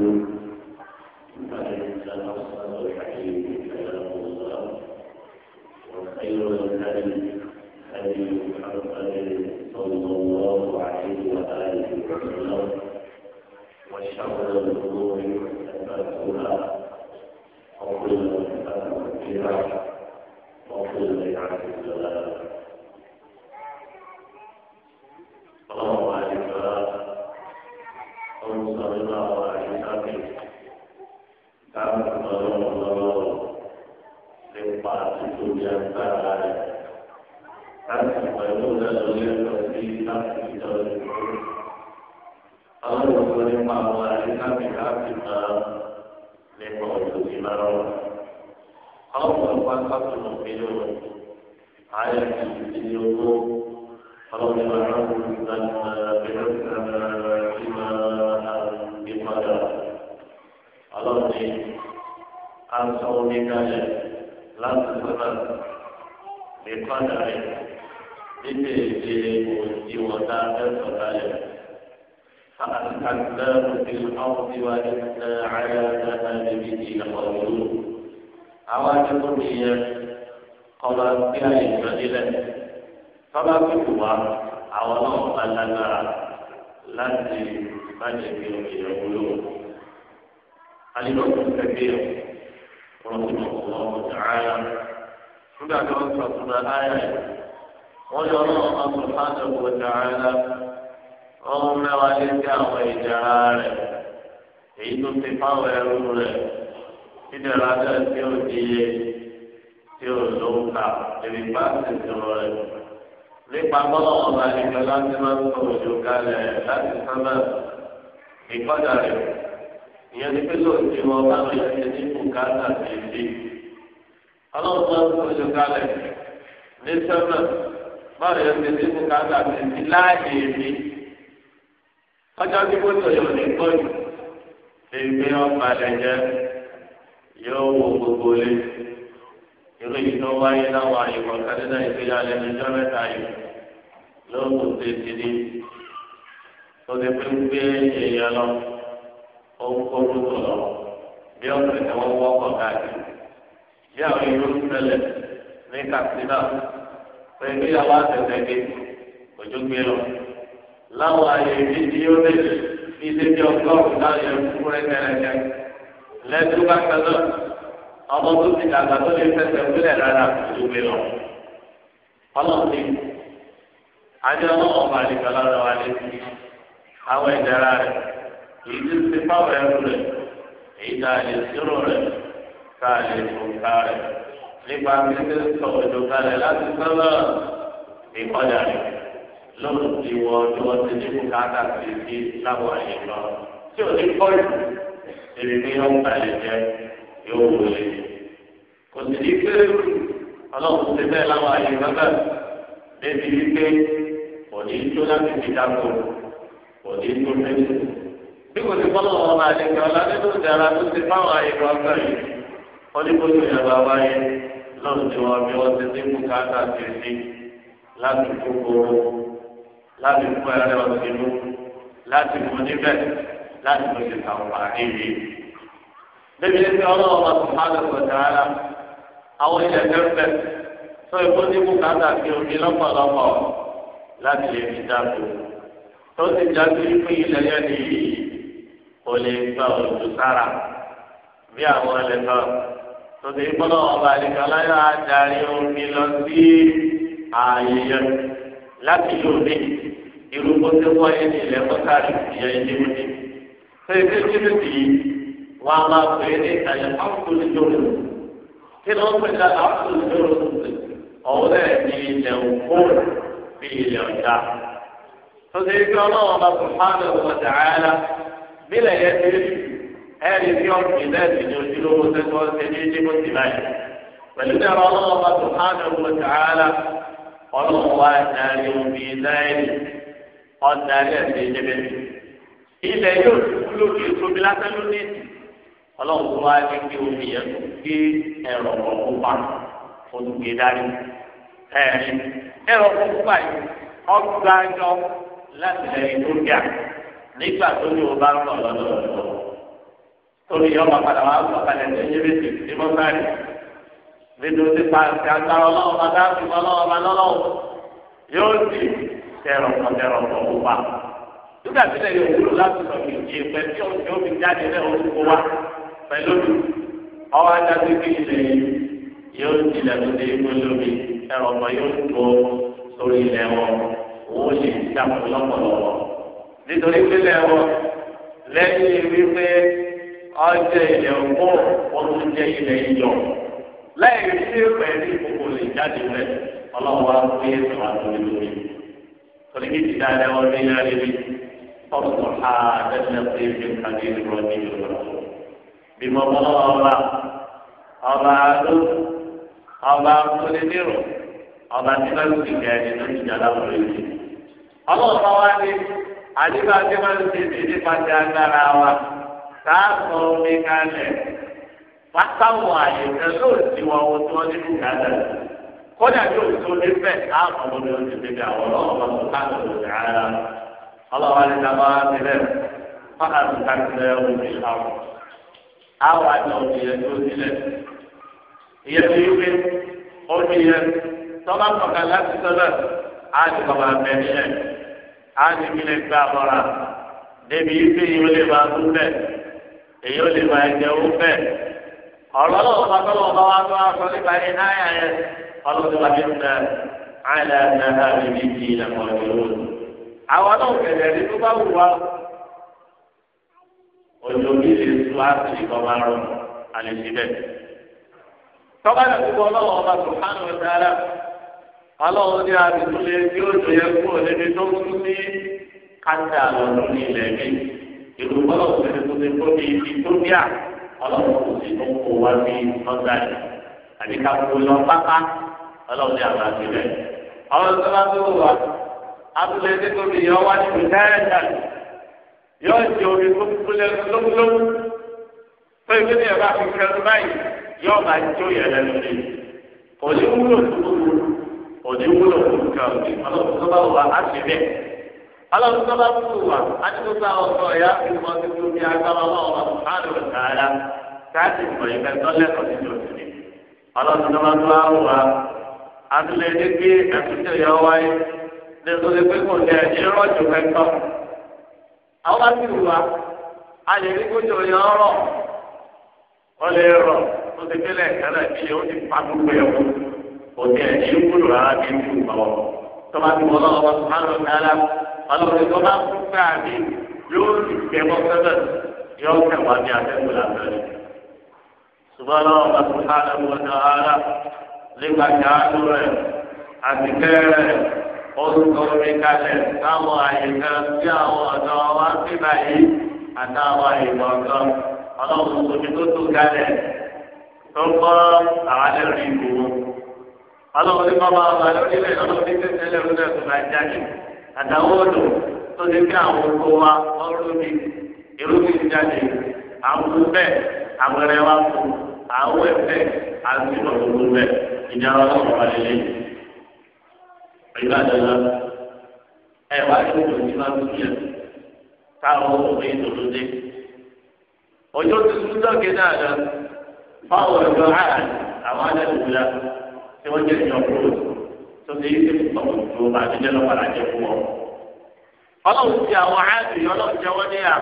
you عالم اليوم رضي الله عنه من بعثنا بما بقدر الله عن صومك لا تسمع بقدر بفعل وتعب صلاته فأسكناه في الأرض وإنا على ذهاب به لقادرون أوان كل kọba bí ayé ìjọdí lẹ tọ́ba pípò wa àwọn náà bá lágbára láti bàjẹ́ bí omi ìyàwó lò alilọ́kùn kẹfẹ́ rọ̀tìmọ̀ ọ̀hún ṣàárá nígbà tí wọ́n sọ fún ayé wọ́n yọ náà ọkùn fáńdà kò ṣàárá wọ́n mẹ́wàá lé sí àwọn ìjà rẹ̀ èyí tó ti fáwọn ẹrú rẹ̀ ìdẹ̀rẹ̀ adé tí ó di yé tí o lò ó kà lèmi bá ti sọ̀rọ̀ rẹ̀. nípa bọ́lá ọba nìkan láti máa ń sọ òjò kalẹ̀ láti sábà ìkọ́jà rẹ̀. ìyẹn ni pé lóòótọ́ ìwọ ọba mi ti ní bùkátà ti di. ọlọ́run máa ń sọ òjò kalẹ̀ ní sábà báwo yẹn ti ní bùkátà ti di láàyè mi. ọjọ́ tí mo sọ yóò ní gbọ́dọ̀ lè gbé ọba rẹ̀ yóò wọ gbogbo lé irú ìjọ wáyé láwọn àyùkọ kádínà ìgbéyà lẹ́nu ìjọ mẹ́ta yìí lóòótọ́ ṣe ti di tó ti pé gbé èèyàn lọ ó ń kó rúdò lọ bí ọ̀sẹ̀ ni wọ́n wọ́pọ̀ káàkiri bí àwọn ìlú ń tẹ̀lẹ̀ ní Katsina pé ìgbéyàwó àtẹ̀tẹ̀gé òjò gbé lọ láwọn àyè ìdíjí yóò lè fi ilé bí ọgọ́rùn-ún láyé fún rẹ́kẹrẹkẹ lẹ́tú bá ọmọ tó ti dàgbà tó lè fẹsẹ̀ wílẹ̀ rárá tó gbé lọ. ọlọ́run ní adé ọlọ́run ọba àdìgbà lára wa lé sí àwọn ìdára rẹ̀ èyí tó ti fáwọn ẹrú rẹ̀ èyí tá a lè sírò rẹ̀ tá a lè fòkà rẹ̀ nípa pípé sọ òjò kalẹ̀ láti sábà ìkọjà rẹ̀ lọ́run ti wọ ọjọ́ ọtí ní bùkátà sí sí láwọn àyè lọ tí ò ní kọ́ ìlú èrè ní ọ̀gbà lè jẹ́ yóò wọlé kò sì ní pé ọlọ́run ti bẹ́ẹ̀ láwọn àyè bàbá débi wípé kò ní tó láti fi dáko kò ní tó lẹ́nu. bí kò sí fọ́nà wọn máa lè gbà ọ̀la nínú ìdára tó ti fáwọn àyè bàbá yìí wọ́n ní kó tó yẹ bàbá yẹn lọ́run tí wọ́n fi wọ́n ti ní bùkátà ti ní láti kókóró láti kó ẹrẹ́ ọ̀sìn mú láti mú níbẹ̀ láti mú ìtàwọn àríyìn débi ẹgbẹ́ ọlọ́run wa sùnmọ́lẹ̀ kọ̀dára àwọn ilẹ̀ tẹ́fẹ́ tó ìbò ní bùkátà fi omi lọ́pọ̀lọpọ̀ láti lè fi dáko tó ti jáde pé ilẹ̀ yẹn ni kò lè gba òjò sára bí àwọn ilẹ̀ náà tó ti gbọ́dọ̀ ọba àdìgbà láyọ̀ adarí omi lọ sí ààyè yẹn láti lóde irú kó tẹ́wọ́ ẹni ilẹ̀ kọ́tà rẹ̀ ìyẹn ìdíwọ́ni. tó ìdí ìdíwọ́ni yìí wọn a máa pè é ní àyè áwùjọ ìjọba kí ló ń pè ní áwùjọ ìjọba ọ̀hún ẹ̀ ní ilẹ̀ òkúrò bí ilẹ̀ ọ̀dà. Tọ́sí ibi ọlọ́wọ́n bá sùpáàlù ọ̀dà ara bílẹ̀ yẹn ti rí ẹ̀rí bí ọ̀gbìn náà ti ní ojúlówó sẹ́kọ̀ọ́ ṣe ní ìdíbò sí báyìí. Pẹ̀lú ẹ̀rọ ọlọ́wọ́n bá sùpáàlù ọ̀dà ara ọlọ́wọ́n wá darí omi náírì ọ̀darí ẹ̀sìn ìjẹ́bẹ̀ẹ́. Ilẹ̀ yóò ti lókè tóbi lásán lónìí ọlọ́run tó wá ní kí omi yẹn tó gbé ẹ̀rọ ọ̀pọ̀ pa olùgbé dání ẹ̀rín ẹ̀rọ ọ̀pọ̀ pa yìí ọgbà yọ láti lẹ́yìn tó dà nígbà tó ní o bá ń lọ lọ́dọ̀ọ́dọ̀ torí ọmọ padà wà lọ kalẹ̀ ní ẹ̀yẹ́bẹ̀tì tí wọ́n bá rí nínú nípa ìgbàgbà ọlọ́run bá dá fún ọlọ́run bá lọ́lọ́run yóò di tẹ̀rọ̀kọ̀ tẹ̀rọ̀kọ̀ kó pa nígbà tí lẹ́yìn òwúrò láti sọ̀rọ̀ ìjì ìpẹ́ tí ó fi jáde lẹ́ pẹ̀lú ọwọ́ adájú kí ilẹ̀ yóò tilẹ̀ tó dé ikú lómi ẹ̀rọ ọmọ yóò tó sórí ilẹ̀ wọn òun lè dàpọ̀ lọ́pọ̀lọpọ̀ nítorí pé ilẹ̀ wọn lẹ́yìn wípé ọjọ́ ilẹ̀ òkú ọdún jẹ́ ilẹ̀ ìjọ lẹ́yìn tí pẹ̀lú ìkókò lè jáde rẹ̀ ọlọ́wọ́ á pé ẹ̀sùn àtúntò فلقيت تعالى ومن آله فاصلح هذا النصيب من حديث الرجيم الرسول bímọ ọlọ́wọ́ ọba ọba adó ọba akólédérò ọba tí bá ń sìnkà ẹni tó yìí. ọlọ́ọ̀bá wa ní àdébà tí wọ́n ń ṣe agbára wa omi kalẹ̀ pátáwọ̀ yóò ti wọ ohun tí wọ́n kú kódà yóò tó káàkó ló ní àwọn tó káàkó ló ni àwọn àti òmìnira tó sílẹ̀. ìyẹn ti wípé òmìnira tọ́ba kọ̀ọ̀kan láti sọ́dọ̀ á ti kọ̀ máa bẹ̀ nílẹ̀ á ti mílẹ̀ gbà bọ́ra débi wípé yìí ó lè máa kú bẹ́ẹ̀ èyí ó lè máa jẹ owó bẹ́ẹ̀. ọ̀rọ̀ náà wọ́n tọ́lọ̀ bá wá tó aṣọ nípa ní náírà yẹn ọlọ́dún wa bí ń bẹ àìlẹ́ ẹ̀ẹ́dá mi bí ti ilẹ̀ pọ̀ àwọn náà kẹlẹ̀ ní tó bá wù wá òjò mi lè bá sì kọ́ bá rọ àlè síbẹ̀. tọ́ba náà kúkọ ọlọ́wọ́ ọba sùhánù ọ̀dára ọlọ́wọ́ ní àdìsúlẹ̀ tí ó jọ yẹ kúrò níbi tó kú sí káńtà lọ́dún ní ilẹ̀ mi. ìlú ọlọ́wọ́ tẹ̀lé tó ti kó ní ibi tó bíà ọlọ́wọ́ kò sí tó kó wá sí ọ̀gá yìí. àbí ká kó lọ pápá ọlọ́wọ́ ní àbá síbẹ̀. ọlọ́wọ́ tó bá tó wà abúlé nítorí yọ wá ní yóò ṣe pé ìwé ni ẹ̀rọ àti ìfẹ́ báyìí yóò máa jó yẹn lẹ́nu ni kò wúlò fún kò wúlò fún kan ọlọ́run tó bá wà á sì bẹ́ẹ̀ ọlọ́run tó bá wúlò á ti tó agbára ọlọ́run káàdì ìfẹ́ tọ́lẹ́kọ̀ọ́ ọlọ́run tó bá tó ní wọ́n lè rọ̀ ó ti délẹ̀ kálá bí ó ti pa gbogbo ẹ̀ wọ́n kò tẹ̀ ẹ̀ kúrò rárá bí ó ti pọ̀ tọ́ba ti wọ́n lọ́wọ́ wọn máa ń lọ kálá ọlọ́run tó bá kú káà bí yóò ti tẹ̀ wọ́n sẹ́bẹ̀ yóò tẹ̀ wọ́n bí atẹ́gùn làbẹ́rẹ́ ṣùgbọ́n lọ́wọ́ bá kú káà wọ́n tẹ̀ ara nígbà tí rẹ̀ àtìkẹ́ rẹ̀ ó sọ ọlọ́run omi tó tó kalẹ̀ tó ń kọ́ àwọn ẹlẹ́rù ìbò wọn. ọlọ́run ní bọ́mọ àwọn àlọ́rí rẹ̀ lọ́wọ́ ní tẹ́tẹ́ lẹ́rù náà tó bá jáde àtàwọn odò tó ti fi àwọn oko wa ọrùn mi irúgbìn jáde àwọn bẹ́ẹ̀ àgbẹ̀rẹ̀ wa kù àwọn ẹ̀fẹ̀ àti ìmọ̀lódún bẹ́ẹ̀ ìjára ọlọ́run wà lélẹ̀ ìlú àdàlà ẹ̀ wá ní ìdòdì ọjọ́ tuntun tó kéde àná fáwọn ọ̀dọ́ àyàn àwọn adẹ́tùwìlà tí wọ́n jẹ́ ìjọ kúrò tó ti jẹ́ fún ọ. ọlọ́run ti àwọn àyàtì ọlọ́run jẹ́ wọ́n ní à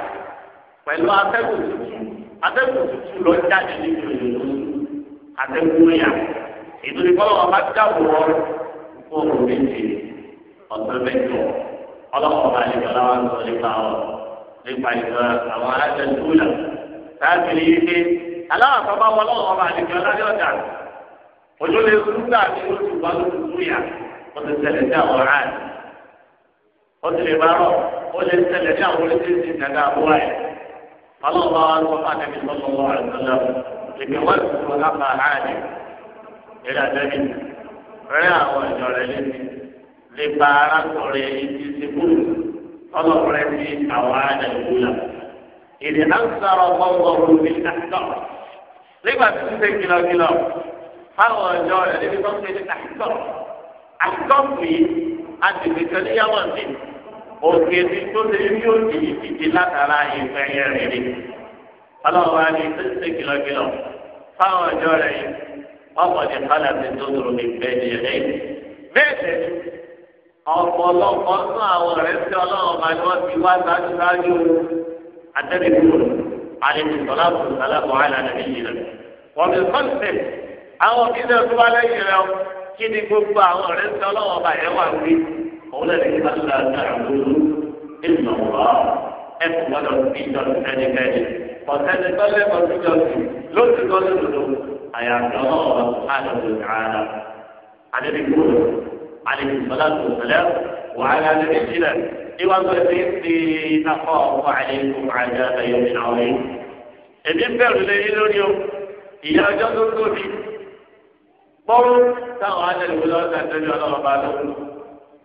pẹ̀lú atẹ́gùn tuntun atẹ́gùn tuntun lọ jáde nínú ìlú atẹ́gùn yà ìdúrí bọ́lá wọn bá dábò wọ́n kó o méje ọ̀sẹ̀ mẹ́jọ ọlọ́run bá nípa ọ àwọn láti rí i pé aláwọ̀ kan bá wọ lọ́wọ́ ọba àdìgbò ọlọ́dẹ ọ̀dà ojú lè kú gbà mí ó ti wá lóṣù túyà ó ti ṣẹlẹ̀ sí àwọn ará rẹ̀ ó ti lè bá rọ̀ ó lè ṣẹlẹ̀ sí àwọn oríṣiríṣi ìdàgbà àbúrò rẹ̀ ọlọ́wọ́ bá lọ́wọ́ bá dẹ́bi lọ́wọ́ lọ́wọ́ rẹ̀ lọ́lọ́ ìgbẹ́ wọ́n ti sọ lápá ará rẹ̀ àdẹ́bi rẹ̀ àwọn ìjọ rẹ̀ lébi lè ba arákùnrin ìdí ìsìnkú ọlọ́kùnrin ti àwọn ará èdè ansara gbọ́ngbọ́n omi àtọ́ nígbà tí ń ṣe kìlọ̀kìlọ̀ fáwọn ọjọ́ rẹ̀ níbi tó ń ṣe àtọ́ àtọ́ mi àtìgbè kan níyàwó mi òkè mi tó lè rí òdì ìdíje látara ìfẹ́ yẹn rẹ̀ ni ọlọ́run wa ni tó ń ṣe kìlọ̀kìlọ̀ fáwọn ọjọ́ rẹ̀ yìí wọ́n ní kálá ti tó dúró ní bẹ́ẹ̀ ni rẹ̀ ọ̀pọ̀lọpọ̀ nínú àwọn ọ̀rẹ́ tí ọlọ́run máa ní wọ́n ti wá sáájú sáájú النبي عليه الصلاة والسلام على نبينا ومن خلفه أو إذا قال له كني كوبا ورد الله بعوامي قول لك ألا تعبدوا إلا الله أكبر الدين الثاني فسأل كل ما تجد لو تقول أيا الله سبحانه وتعالى عليه الصلاة والسلام وعلى الرسل إوضع في نخاف عليكم عذاب يوم عظيم إذن بيرو ليلو اليوم إيا جدو الكوفي قول تعالى الولاة تجعل الله بعدهم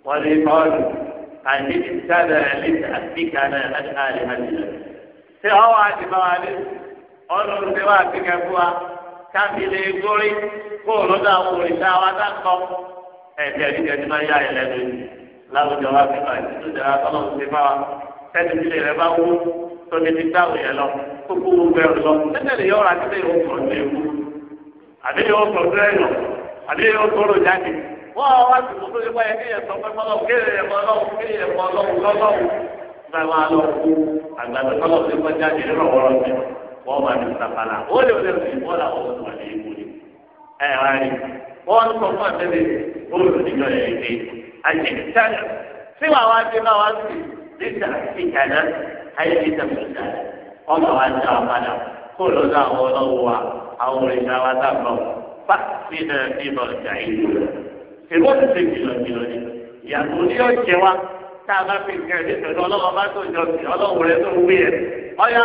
ولقالوا أن ابتدى لتأتيكنا عن آلهتنا في هوا عجبان ọlọ́run ti wá àtìkẹ́ fún káfí lè gbórí kó lọ́dọ̀ àwọn òrìṣà wa dákọ̀ ẹ̀jẹ̀ ìjẹ́ ti máa yá ẹ̀ lẹ́nu yìí láwùjọ wa fi máa ti tójà tọ́lọ̀ ń ṣe fáwa sẹ́ni tí ilé bá wú tóbi ti dáwò yẹn lọ tó kú gbogbo ẹrù lọ tẹ́tẹ̀lẹ̀ yọ̀ọ́ ra tẹ́tẹ̀ yóò kọ̀ ní ewu àbí yóò kọ̀ ní ẹ̀yọ̀ àbí yóò kọ̀rọ̀ jáde wọ́n wá sí kókó yẹn báyẹn kéèyàn sọ pé mọ́lọ́ kéèyàn mọ́lọ́ kéèyàn mọ́lọ́ lọ́lọ́ báyìí wọ́n á lọ kú àgbàdo tọ́lọ̀ ti kọ́ jáde nírọ̀wọ́rọ̀ mi wọ́n àyẹ̀kítàlẹ̀ tí wàá wá dé bá wá sí níta ìjànà ayé níta mọ̀tà ọmọ wa dá wa padà kó lọ sí àwọn ọlọ́wọ́ wa àwọn òrìṣà wa dá bọ̀ bá sí náà bí bọ̀ ọjà ìlú rẹ̀ èmi ó ti ṣe kìlọ̀kìlọ̀ ni ìyàtọ̀ ní ọ̀jẹ̀ wa tá a bá fi nǹkan ẹ̀dẹ́ pẹ̀lú ọlọ́wọ́ bá tó jọ sí ọlọ́wọ́ rẹ̀ tó wí ẹ̀ ọ̀yá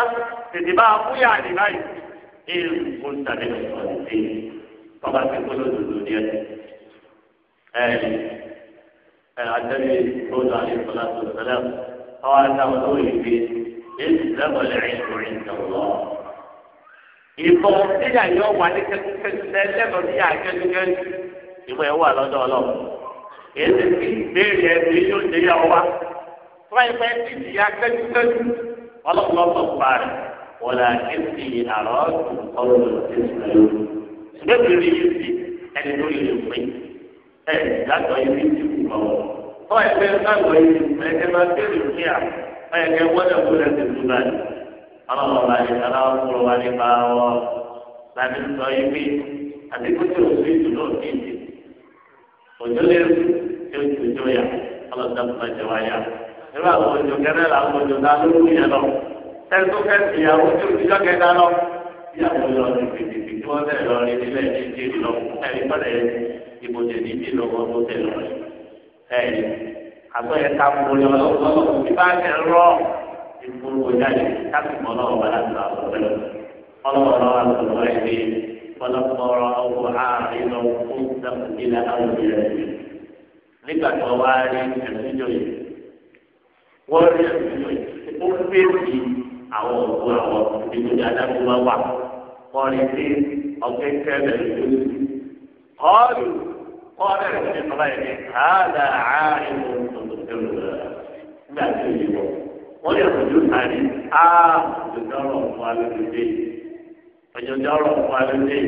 tètè bá fúyà ní báyìí èèyàn kò ń tàbí ọ̀sán ní ọ̀sán bàbá ti kó lóṣooṣù ní ẹ̀ النبي صلى الله عليه وسلم قال له إنما العلم عند الله ìfọwọ́ sílẹ̀ yọ wà ní kẹkẹkẹ lẹ́nu ní àjẹjẹ ìmọ̀ ẹ̀ wà lọ́dọ̀ ọlọ́run èyí ti béèrè ẹ̀mí yóò dé yà wá fúláìfẹ́ ti di ya kẹkẹkẹ pa rẹ̀ wọ́n là ké sí àrọ́ ọlọ́run ti sùn yìí sí ẹni tó yẹ lè pín ẹ̀ ìdájọ́ yìí ti lọ́wọ́. Wọ́n ẹgbẹ́ yìí ẹgbẹ́ máa bẹ̀rẹ̀ kí à wọ́n ẹgbẹ́ wọ́n ẹ̀kú ti dùn láti. Ọlọ́wọ́ bá yẹ aláwọ̀ kúrò wá nípa ọ láti sọ ibi àti kúkú òsì ìdùnnú òkìtì. Òjò lè rí tí ó ti jó yà ọlọ́dọ̀ máa jẹ wáyà. Irú àwọn òjò kẹ́rẹ́ làwọn òjò dá lórí yẹn lọ. Tẹ́tù kẹ́sì ìyàwó tí òjò kẹ́ta lọ. Ìyàwó lọ rí fìdí ìbò tẹ lọ rí nílẹ̀ ní ìdí lọ ẹ̀rí pàdé ìbò ní ìdí lọ wọn tó tẹ lọ rí. ẹ̀yìn àgbẹ̀yẹ ka múlò ọlọ́wọ́ ìbá ti rọ ìfowó jáde káfí mọ́ ọlọ́wọ́ wà láti lọ àwọn ọ̀rẹ́ ọlọ́wọ́ àti ọ̀rọ̀ ẹ̀ ní pọ̀lọpọ̀rọ̀ ọwọ́ lọ fún àwọn nígbà tó yìí rí yìí ó àwọn òkú wọ́n bẹ̀rẹ̀ sí ní sọ́lá yẹn ní àádá àárín nígbà tí ó yẹ wọ́n yẹ kó ju sáré á òjòjọ́rọ̀ fún alóde òjòjọ́rọ̀ fún alóde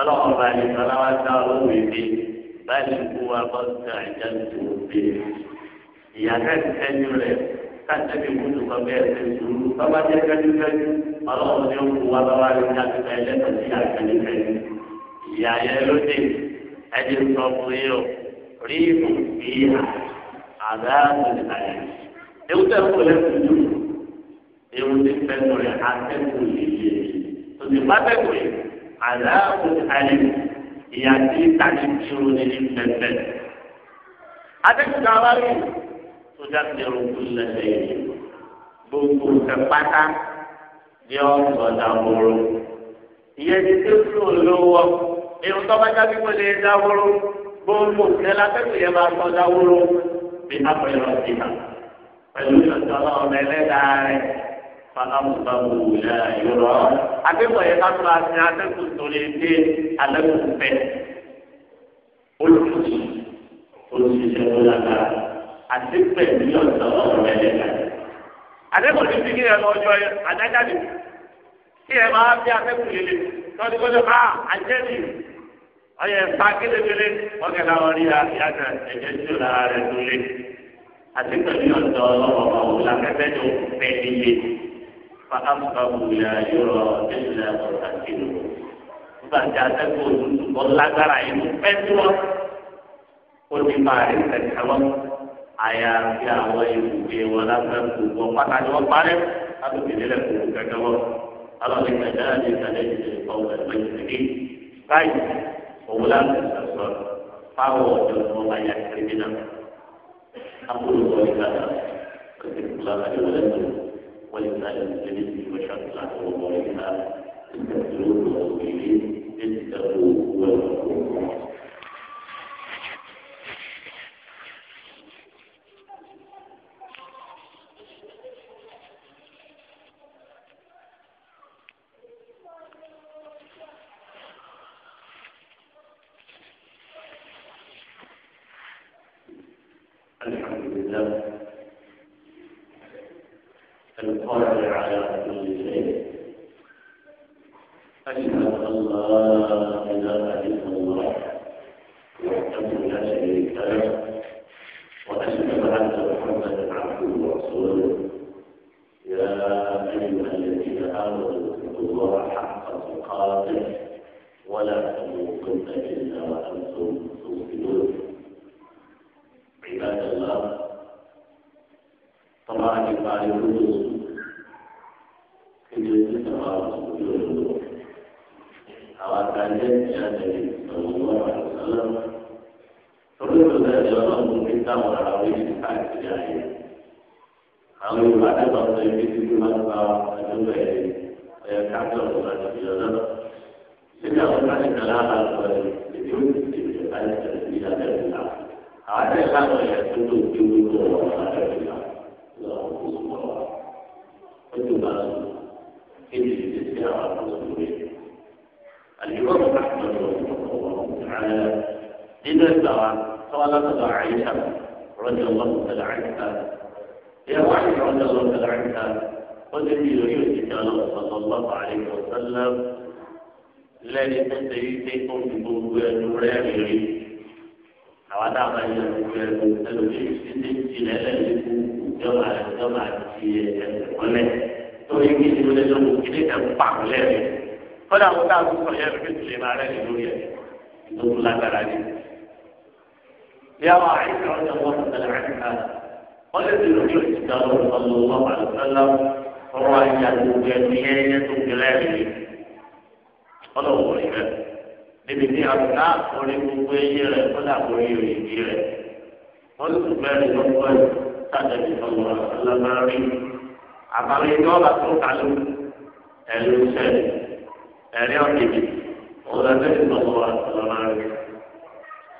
ọlọ́wọ́n bá yẹ sọ́lá wá báyìí kú wa bọ́ sí àjà tó dé ìyàtọ̀ ìtẹ́jú rẹ̀ káàtẹ́bí kúndùn kan bẹ́ẹ̀ ṣe sùúrù bábá jẹ́ kẹ́jú-kẹ́jú ọlọ́wọ́n ni ó kú wa bá wá ní àtúntà ẹlẹ́tọ̀ọ́ sí àgbẹ̀lẹ́kẹ́jú ìyá yẹn ẹni sọ fún yín o rí ìmùbí àdáàbò àyè ewu tẹ fún lẹsùn yìí ewu ti fẹnu rẹ atẹkùn yìí òsì pàtẹkùn yìí àdáàbò àyè ìyá tí tani tí o ní ní pẹpẹ atẹkùn kan wá rí sójà ti rò kú lẹsẹ gbogbo kẹpátá ní ọgbọdà wọrọ ìyẹn ti tẹ fún olówó irun tó bá jáde pé lè dáwóró gbogbo ìrẹ́lá tẹ́kùn yẹn máa sọ dáwóró bí abẹ́rẹ́ ọ̀sìn náà pẹ̀lú ìrọ̀sọ̀rọ̀ ọmọ ẹlẹ́dàá rẹ̀ fanamusamu wula yọrọ akẹ́kọ̀ọ́ yẹn ká tóra sí akẹ́kọ̀ọ́ torí pé alẹ́kùn fẹ́ olùkùsù olùsíṣẹ́ tó lágbára àti pẹ̀lú ìrọ̀sọ̀rọ̀ ọmọ ẹlẹ́dàá rẹ̀ akẹ́kọ̀ọ́ ti fi kí ẹ lọ ọjọ́ adájáde kí ẹ máa fi akẹ́kọ̀ọ́ yẹn lé tọ́jú kọ́jọ́ bá àjẹ́bí ọyẹ fa kélébélé ọkẹ làwọn rí yàtọ̀ ẹ̀jẹ̀ tí o lára rẹ tó lé àti pẹ̀lú ọ̀dọ́ ọlọ́wọ́ ọ̀hún lakẹ́fẹ́ tó fẹ́ níye fa amúkàwù yà yọrọ ẹ̀jẹ̀ ọ̀rọ̀ àti ìlú nígbà tí atẹ́kọ̀ọ́ òtútù kọ́ lágbára inú pẹ́ tó wọ́n ó ti máa rí tẹ̀sán wọn àyà àti àwọn ìwé wọn lábẹ́ gbogbo pàtàkì wọn parẹ́ láti fi lélẹ̀ kó kẹ́kẹ́ wọn alọ́ òun láti sọ̀sọ̀ fáwọn ọ̀dọ́ tó bá yà kiri náà akúrò wọn ní kàdà kòtò ìkúlá àti wọlé tó wọn ní kàdà ìdílé tí wọn ṣàtúnṣe àti wọn wọn ní kàdà ìdílé tó wọn wọn ní kàdà tó wọn wọn أن محمدا عبده ورسوله يا أيها الذين آمنوا اتقوا الله حق تقاته ولا تموتن إلا وأنتم مسلمون عباد الله طبعا يقال Awak tanya, ya, dari Allah torí ó lè yọ náà mú mi dáwọn ara rí ní káàkiri ayé àwọn yorùbá dábàá sọ ibi tí bí wọn bá ọdún bẹ́ẹ̀ ọyọ káàkiri ọdún bá ti yọ náà síbi àwọn káàkiri kan lára sọ ibi ó ti ti bẹ̀rẹ̀ láti tẹ̀lé ní abẹ́ ìlà àwọn àti ìlà náà yẹ kó tó kí wọ́n tó wọ́n wọ́n abẹ́ ìlà lọ́wọ́ kó tó wọ́n wọ́n ó tó bá lọ kéde ìdí sí àwọn àkóso rẹ̀ àlùkò ọ̀hún ká nínú ẹgbẹ́ wa sọ́wọ́n látọ̀dọ̀ àyíṣà rọ́jò lọ́wọ́ tẹ̀lé àyíṣà ìyàwó àyíṣà rọ́jò lọ́wọ́ tẹ̀lé àyíṣà ó ti fi ìròyìn òṣìṣẹ́ ọlọ́wọ́ lọ́wọ́ àyíṣà ọ̀sánlá lẹ́ni tó ṣe yí pé ó fi gbogbo ẹnu rẹ̀ rí àwọn táwọn ẹni gbogbo ẹnu ẹlòmíì sí ní ìjìnlẹ̀ lẹ́ni ìjọba ìjọba ti ẹnu kọ́lẹ̀ torí kí ni olè lọ́wọ́ kí ni ẹ̀ ń pàmò lẹ́rìí kọ́dà wọn táwọn sọ yẹn fi tìlẹ̀ máa rẹ̀ يا عائشة رضي الله تعالى عنها قالت النبي صلى الله عليه وسلم رأيت جميعية بلاده قالوا هو إيمان níbi tí a ká orí gbogbo eyín rẹ̀ kọ́dà orí òyìnbí rẹ̀ wọ́n sì bẹ́ẹ̀ lọ pẹ́ sàtẹ̀lẹ̀ ọ̀gbọ̀n ọlọ́mọrí àbámi dọ́là tó kálù ẹ̀lú sẹ́ẹ̀ ẹ̀rí ọ̀kìbì ọ̀làdẹ́sì ọ̀gbọ̀n ọlọ́mọrí.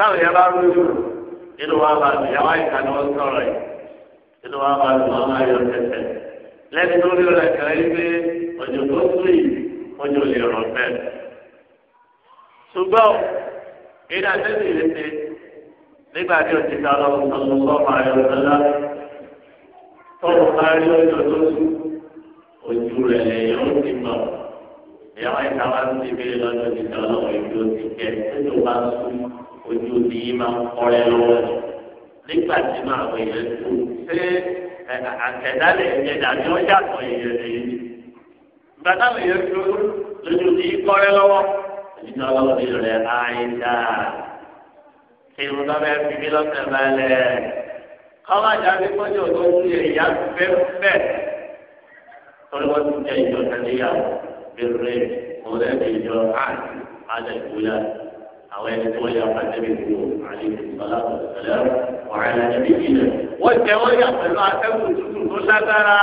táwọn yẹn bá rújú inú wa bá lù yàrá ìka ni wọ́n sọ̀rọ̀ yìí inú wa bá lù wọn máa yọ tẹ̀tẹ̀ lẹ́nu tó rí rẹ̀ kẹ́rẹ́ yìí pé òjò tó sùn yìí òjò lè rọ̀ bẹ́ẹ̀. ṣùgbọ́n ìdá tẹ́lẹ̀ ìrètè nígbà tí o ti ta lọ sọ̀tún sọ́ọ̀mà ayọ̀ lọ́la tọ́wọ́ bá rí òjò tó sùn òjò rẹ̀ lẹ́yìn ó ti mọ̀ ìyàwó ìta wá sí ibi lọ́dún ti ta lọ́wọ́ ìjọ ti kẹ́ ẹ̀ tó bá sùn obìnrin máa ń kọ́lé lọ́wọ́ nígbà tí máa wọ ìyẹn tó ṣé àkẹ́dálẹ̀ ìyẹn àti ọjà sọ ìyẹn lẹ́yìn. ìgbà táwọn èèyàn tó lójú ti kọ́lé lọ́wọ́ ìjọ lọ́wọ́ ti rẹ̀ àìdá. kí n lọ bẹ́ẹ̀ fi mí lọ́sẹ̀ balẹ̀. kọ́lá jáde kọ́jọ́ tó ń ṣe ìyá fẹ́fẹ́. torí wọ́n ti jẹ́ ìjọ tẹ̀lé yàrá bí أو يتولى عن عليه الصلاة والسلام وعلى نبينا والتولى فلا تكن كل ترى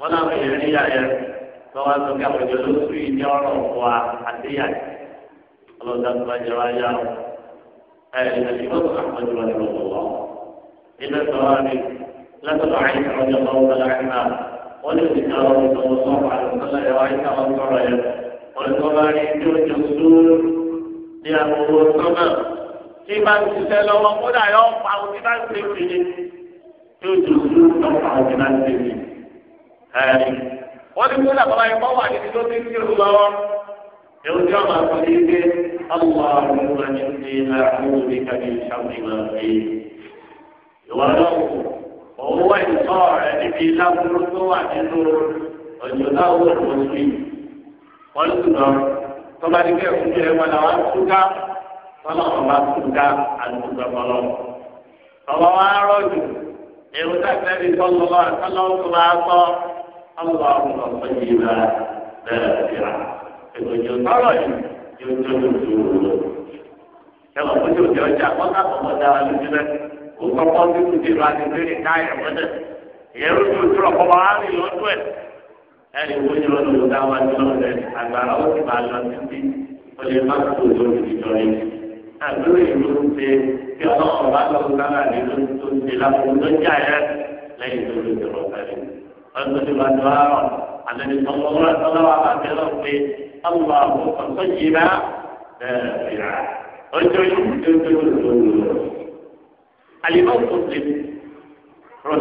ولا غيرها سواء كان جلوس في جاره وحديا الله تعالى جرايا أهل الإمام أحمد رحمه الله إلى الثواب لا تدعي رضي الله تعالى عنها ولذكر رسول الله صلى الله عليه وسلم وعائشة وأنصارها ọ̀dọ́ba rẹ̀ tí ó jù sóòrò ní àbúrò sọ́mà tí bá ń ṣiṣẹ́ lọ́wọ́ kódà yọ pa òun tí bá ń ṣe fìdí tí ó jù sóòrò lọ́wọ́ pa òun tí bá ń ṣe fìdí. wọ́n ti kódà bàbá yẹn kọ́ wà níbi tó ti ń ṣe lọ́wọ́ yóò jọ máa sọ ní pé ọlọ́run máa ń ṣe àkóso ní kábí ìṣàmì máa ń fi ìwà lọ́wọ́ òun wà ìtọ́ rẹ̀ níbi lábúrú tó wà nínú ọ̀jọ̀dá owó ìwọ̀n sí wọ́n tún lọ tọ́ba ní kẹ́ fún yẹn wọn làwọn túká tọ́lá wọn bá túká àdúgbò ọlọ́ tọ́ba wọn arọ́jù èrò sàkẹ́rì tọ́lọ́ àtọ́lọ́ tó bá sọ ọlọ́ àwọn ọ̀sán yìí bá bẹ̀rẹ̀ síra ìgbòjò tọ́lọ̀ yìí yóò tó tó tó wúlò ẹ̀wọ̀n kó tó di ọjà wọ́n ká kọ̀ọ̀mọ̀ dára lójú rẹ̀ kó kọ́kọ́ tó tó ìlú àti ẹni wo ni wọn lò dáwà ní ọ̀rẹ́ agbára ó ti máa lọ títí ó lè má tó lórí ìjọ rẹ àdúrà ìlú ń ṣe kí ọlọ́run bá lọ sára nínú tó ń ṣe lápò tó jà yẹ lẹ́yìn tó lè jọrọ fẹ́rẹ́ ọdún tó bá tó àárọ̀ àlejò tó ń wọ́n lọ́wọ́ wà bá tẹ́lọ̀ pé ọlọ́wọ́ àwọn ọ̀sọ́ yìí rà bẹ́ẹ̀ rà ọjọ́ yìí tó tó lò lò lò. àlejò tó ti rọ̀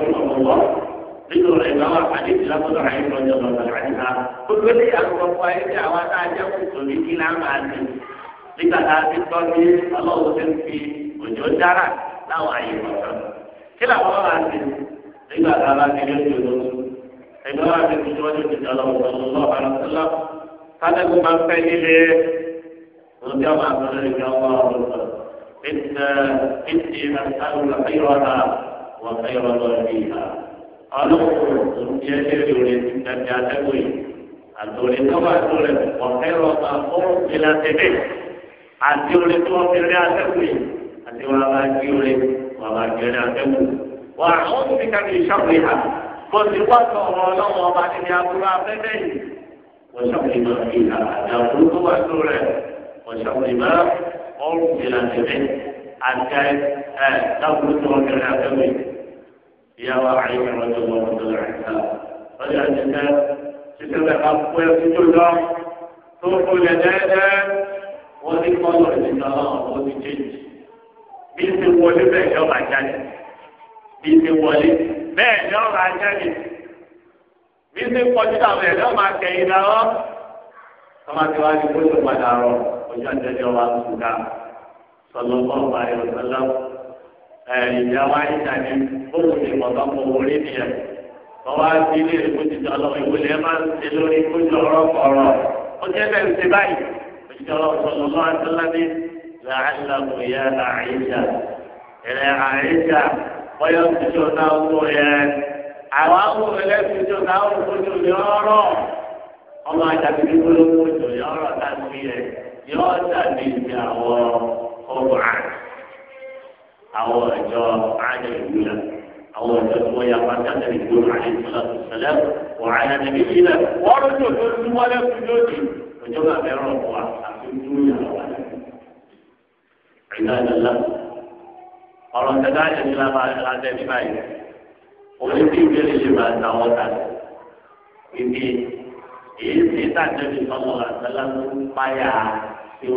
nínú rẹ̀ ìgbàwọ̀ àpàdé ti lábọ́dọ̀ àyè lọ́jọ́ lọ́dọ̀ àyíká. gbogbo ilé àkọ́kọ́ fún ayé tí àwọn tá a jẹ́ kùtù ní kí náà máa ti. nígbà tá a ti tọ́ ní ọlọ́run ti ń fi òjò dára láwọn àyè kọ̀ọ̀kan. kí làwọn máa ti nígbà tá a bá ti lé ojú lóṣù. ẹgbẹ́ wa ti fi síwájú ti jọ lọ́wọ́ lọ́wọ́ kálẹ́gùn máa ń fẹ́ nílé ọjọ́ máa ń fẹ́ nílé ọmọ ọ̀rọ̀ إن إني أسألك خيرها وخير ما فيها ọlọ́run yẹ kí lórí ìdájọ́ atẹ́gùn yìí àtòrí tó bá tó rẹ̀ ọ̀fẹ́ rọ̀ta fún ìlàsẹ̀dẹ̀ àti orí tó wọ́n fi rí atẹ́gùn yìí àti wọn bá gbé orí wọn bá gbé orí atẹ́gùn. wà á ó ti ká kí sọ́kùnrin hà bó ti wá sọ ọ̀rọ̀ ọlọ́run ọba níbi aburú afẹ́fẹ́ yìí wọ́n sọ́kùnrin máa fi hà àdàbò tó wà tó rẹ̀ wọ́n sọ́kùnrin máa ọ̀rùn ìlàsẹ̀dẹ̀ àti ẹ̀ ìyàwó àyè ọjọ́ wọn tó lọ àìsà ọjọ́ àjẹsẹ títí lè ka kú ẹ tó lọ tó kú lẹ dẹ́ẹ́dẹ́ wọ́n ti kọ́ lọ sí lọ wọ́n ti jẹ́jì bí ti wọlé bẹ́ẹ̀ ni ọba jáde bí ti wọlé bẹ́ẹ̀ ni ọba jáde bí ti kọjú àwọn ẹ̀dọ́ máa kẹ̀yìn lọ́wọ́ kọ́má ti wá ní kóso padà rọ ojú àjẹjẹ wa tó ga sọlọ́kọ́ ọba ayọ̀ sọlọ́kọ́ ìyá wa ní ìdáni bóun ní mọ̀tọ́ kó wọlé nìyẹn lọ́wọ́ àti ilé ìkójútọ̀ ọlọ́run ìwòlẹ́ ẹ máa ń ṣe lórí ìkójọ ọ̀rọ̀ kọ̀ọ̀rọ̀ ó jẹ́ bẹ́ẹ̀ ń ṣe báyìí òjijì ọlọ́run sọ̀rọ̀ lọ́wọ́ àtúnlábí làálàmù yá àìṣà ẹ̀rẹ̀ àìṣà bọ́yọ̀ ìjọ náà wọ yẹ àwọn àwọn ẹlẹ́sìn ìjọ náà wọ kójú yọ̀ọ̀rọ̀ ọmọ àjàkú ní gbólóhùn kójú yọ̀ọ̀rọ̀ awo ajo ààrẹ ìlú awo ajo lónìí ọjọ́ bá bẹ rọ wá àti ojú yàrá wà lẹ́yìn. ìlà ìlàlá ọ̀rọ̀ tẹ̀lé àyè ní la máa la dẹ́ nípa yìí òun ya pata daadaa ilu aare isola salam wa ala nabi ila yii le won lo to to to wole fun ojo ba be ro wa ati oju yara wa leyin ila ilala oro tele aye ni la ba la de ni nipa o oun ti ibeere le ba ta wọn ta ibi èyí ti tàbí sọ́mọ́ àtàlà tó pa ya tí ó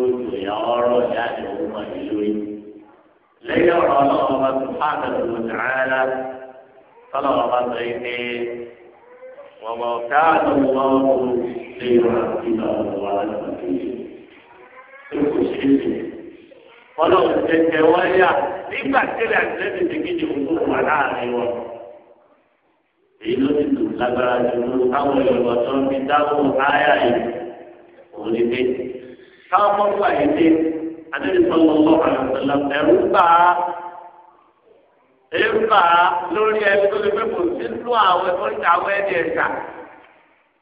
ya ọ̀rọ̀ ìyá ìlú mọ̀ nílùú yìí. lẹ́yìn ọ̀rọ̀ ọlọ́run ọba tó hàn lọ́dún ọ̀dún ààrẹ tọ́lọ̀ ọba tó yẹ pé wọ́n mọ̀ káàdùn lọ́wọ́ lè wà nínú ọ̀rọ̀ wa lọ́dún kò ṣe é ṣe. ọlọ́run tẹ̀tẹ̀ wáyà nígbà ti òkú wà láàrin wọn. èyí ló ti lágbára jùlọ ìrọ̀lọ́ tó ń fi áyà yìí òun ni pé káwọn àyè àdébí sọlọ lọ́wọ́ àlùfẹ́lá ẹ̀rú bá a ẹ̀rú bá a lórí ẹni tó lè fẹ́ kò sí lú àwọn ẹ̀fọ́ ìta àwọn ẹni ẹ̀ka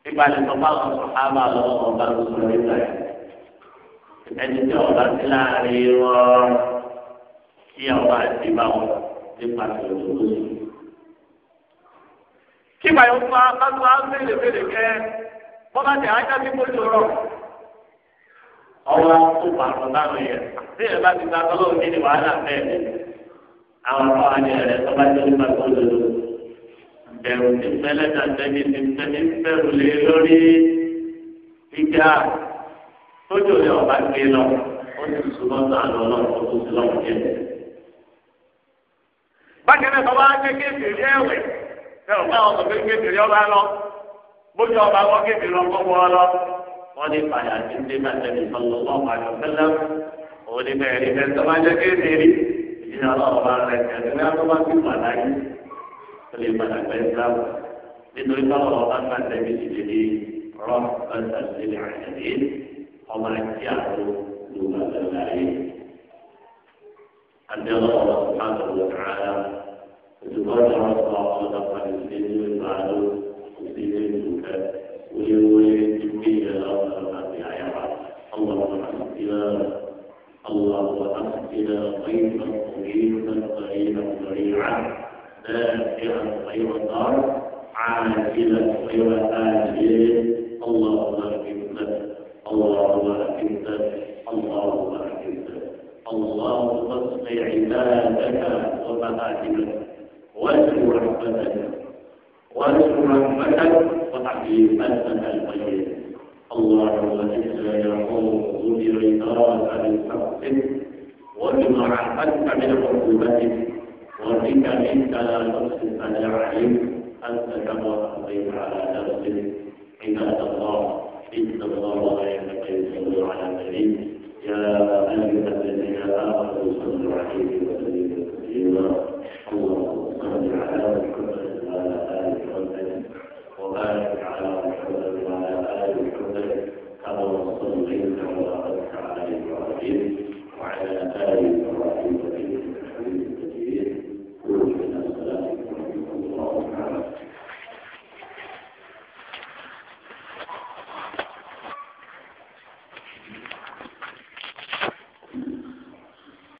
ìgbàlẹ̀ tó bá wọn sọ̀rọ̀ àbá lọ́wọ́ ọba lọ́sọ̀rọ̀ ìgbà ẹni tí ọba ti láàrin wọn kí ọba ti bá wọn nípa ìlú lóṣù. kí bàyọ̀ fún abájú á ń bèrè bèrè kẹ́ bọ́lá ti ajá bí mo lò rọ̀ ọwọ́ tó pàtó láwọn yẹn tí ẹ bá ti ta tọ́lọ́ ní ni wàhálà bẹ́ẹ̀ ni àwọn ọmọ wa ni ẹ̀rẹ́ tó bá ti ní pàtó lòlò bẹ̀rù ti fẹ́lẹ́ ta tẹ́bi ti tẹ́bi bẹ̀rù lé lórí gbígbá tójú rẹ̀ ọ̀bá gbé lọ ó sì súnmọ́ sọ àlọ́ ọlọ́run tó tó sí lọ́wọ́ jẹ́ bákan náà tọ́wọ́ á gbé kéèkì ẹ̀wẹ̀ ẹ̀ ọ̀gá ọ̀sọ̀ gbé kéèkì ọba lọ bójú ọba wọ́n kéèkì lọ wọ́n ní fàyà tí ń dé máa tẹ̀lé ìfọ̀lọ́ wọn àjọ fẹ́lẹ́ òun ní bẹ́ẹ̀ ní bẹ́ẹ̀ tó máa jẹ́ kéde rí ìdílé ọlọ́run bá rẹ̀ kẹ́kẹ́ ní wọ́n bá fi padà yìí ó lè padà pẹ́ ìsìlámù nítorí báwọn ọba bá tẹ̀lé ìdílé rọ́ọ̀ bá tẹ̀lé àyẹ̀lé ọmọ àti àtò ló bá tẹ̀lé ayé. àti ọlọ́run bá àtò ló bá tẹ̀lé ayé. òtún bá tẹ̀lé ọ̀sán ọ̀sán المية يا رب اللهم اهدنا طيبا طيبا سريعا نافعا غير عاجلا غير آجل اللهم اهدنا عبادك ومآتبك واشكر رحمتك واشكر رحمتك وتحقيق أسمك اللهم يا قوم نعوذ برضاك من حقك وبمعافاتك من عقوبتك وبك منك لا نحصي ثناء عليك أنت كما أمضيت على نفسك عباد الله إن الله وملائكته يصلون على النبي يا أيها الذين آمنوا صلوا عليه وسلموا تسليما اللهم صل على محمد وعلى آل محمد وبارك على محمد وعلى آل محمد كما صليت وباركت على وعلى آل إبراهيم